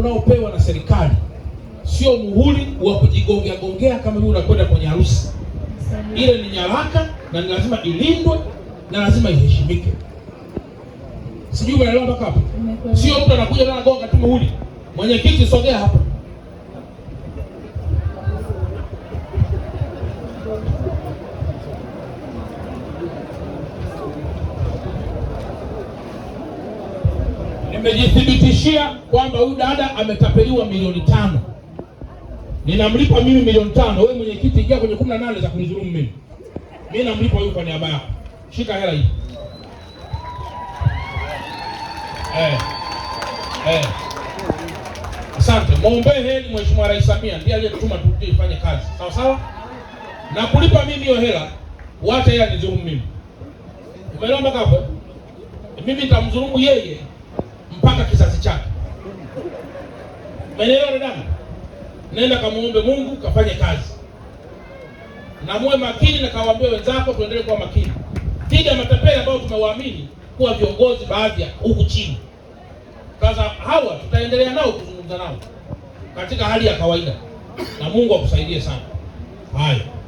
unaopewa na serikali, sio muhuri wa kujigongea gongea kama vile unakwenda kwenye harusi. Ile ni nyaraka na ni lazima ilindwe na lazima iheshimike. Sijui unaelewa mpaka hapo? Sio mtu anakuja na gonga tu muhuri. Mwenyekiti, sogea hapa. nimejithibitishia kwamba huyu dada ametapeliwa milioni tano. Ninamlipa mimi milioni tano. Wewe mwenyekiti, ingia kwenye kumi na nane za kunizulumu mimi. Mimi namlipa huyu kwa niaba yako. Shika hela hii. Eh. Eh. Asante. Muombe heri Mheshimiwa Rais Samia, ndiye aliyetuma turudi ifanye kazi. Sawa sawa? Na kulipa mimi hiyo hela, wacha yeye anizulumu mimi. Umeelewa mpaka hapo? Mimi nitamzulumu yeye kizazi chake. Umeelewa dada? Nenda kamuombe Mungu, kafanye kazi na muwe makini, na kawaambia wenzako tuendelee kuwa makini dhidi ya matapeli ambao tumewaamini kuwa viongozi baadhi huku chini. Sasa hawa tutaendelea nao kuzungumza nao katika hali ya kawaida, na Mungu akusaidie sana. Haya.